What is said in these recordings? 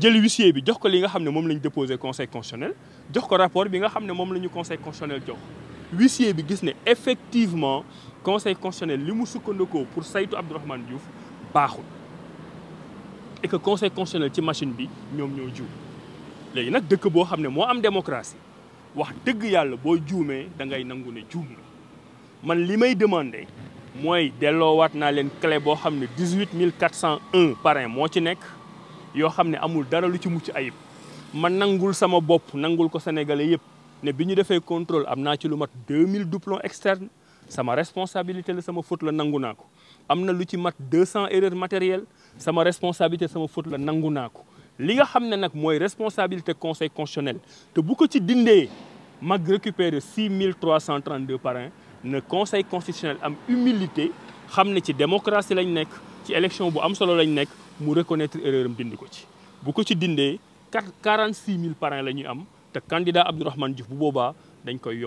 jël huissier bi jox ko li nga xam ne moom la déposé conseil constitutionnel jox ko rapport bi nga xam ne moom la ñu conseil constitutionnel jox huissier bi gis ne effectivement conseil constitutionnel li mu sukkandikoo pour saytu Abdourahmane Diouf baaxul et que conseil constitutionnel ci machine bi ñoom ñoo juum léegi nag dëkk boo xam ne moo am démocratie wax dëgg yàlla boo juumee da ngay nangu ne juum na man li may demandé mooy delloowaat naa leen clé boo xam ne 18401 parrain moo ci nekk yoo xam amul dara lu ci mucc ayib man nangul sama bop nangul ko sénégalais yépp né biñu défé contrôle amna ci lu mat 2000 doublons externes sama responsabilité la sama faute la nangu naa ko lu ci mat 200 erreurs matérielles sama responsabilité sama faute la nangu naa li nga xamné nak moy responsabilité conseil constitutionnel te bu ko ci dindé mag récupérer 6332 parrains ne conseil constitutionnel am humilité xamné ci démocratie lañ nek ci élection bu am solo lañ nek mu reconnaître erreur am ci bu ko ci candidat Abdourahmane Diouf bu dañ koy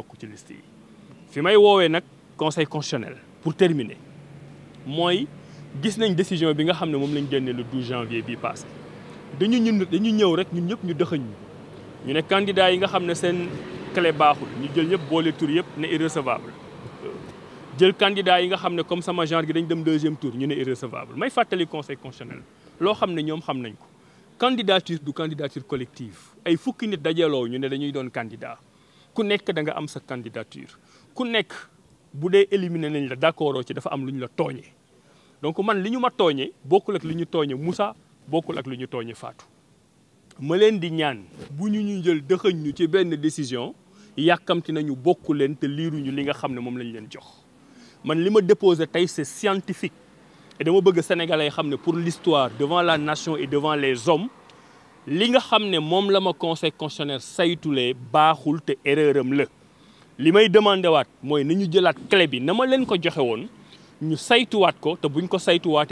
conseil constitutionnel pour terminer moy gis nañ décision bi nga le 12 janvier bi passé dañu ñun dañu rek ñun ñëpp ñu ñu candidat yi nga clé nous ñu jël ñëpp yëpp irrecevable jël candidat yi nga comme sama genre dem deuxième tour ñu né irrecevable may conseil constitutionnel loo xam ne ñoom xam nañ ko candidature du candidature collective ay fukki nit dajaloo ñu ne dañuy doon candidat ku nekk da nga am sa candidature ku nekk bu dee éliminé nañ la d'accord ci dafa am lu ñu la tooñee donc man li ñu ma tooñee bokkul ak li ñu tooñee Moussa bokkul ak lu ñu tooñee Fatou ma leen di ñaan bu ñu ñu jël dëxëñ ñu ci benn décision yàkkamti nañu bokk leen te liiruñu li nga xam ne moom lañ leen jox man li ma déposé tey c'est scientifique et dama bëgg sénégalais pour l'histoire devant la nation et devant les hommes li nga que la ma conseil constitutionnel saytulee que vous erreur am la demandé c'est ñu nous clé bi je leen ko ñu ko buñ ko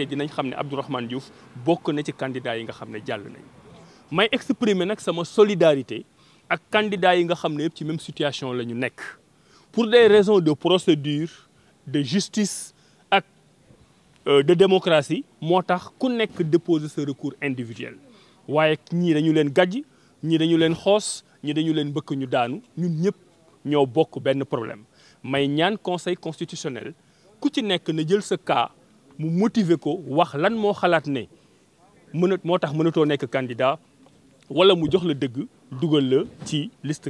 dinañ Abdourahmane Diouf bokk na candidat yi nga exprimer solidarité ak candidat yi nga même situation la pour des raisons de procédure de justice euh, de démocratie c'est ne ku pas déposer ce recours individuel nous ñii dañu leen gàjj ñii dañu leen xoos ni dañu leen bëkk ñu daanu ñun ñëpp bokk problème Mais conseil constitutionnel jël cas mu motiver ko wax lan ne candidat wala mu jox la dëgg la liste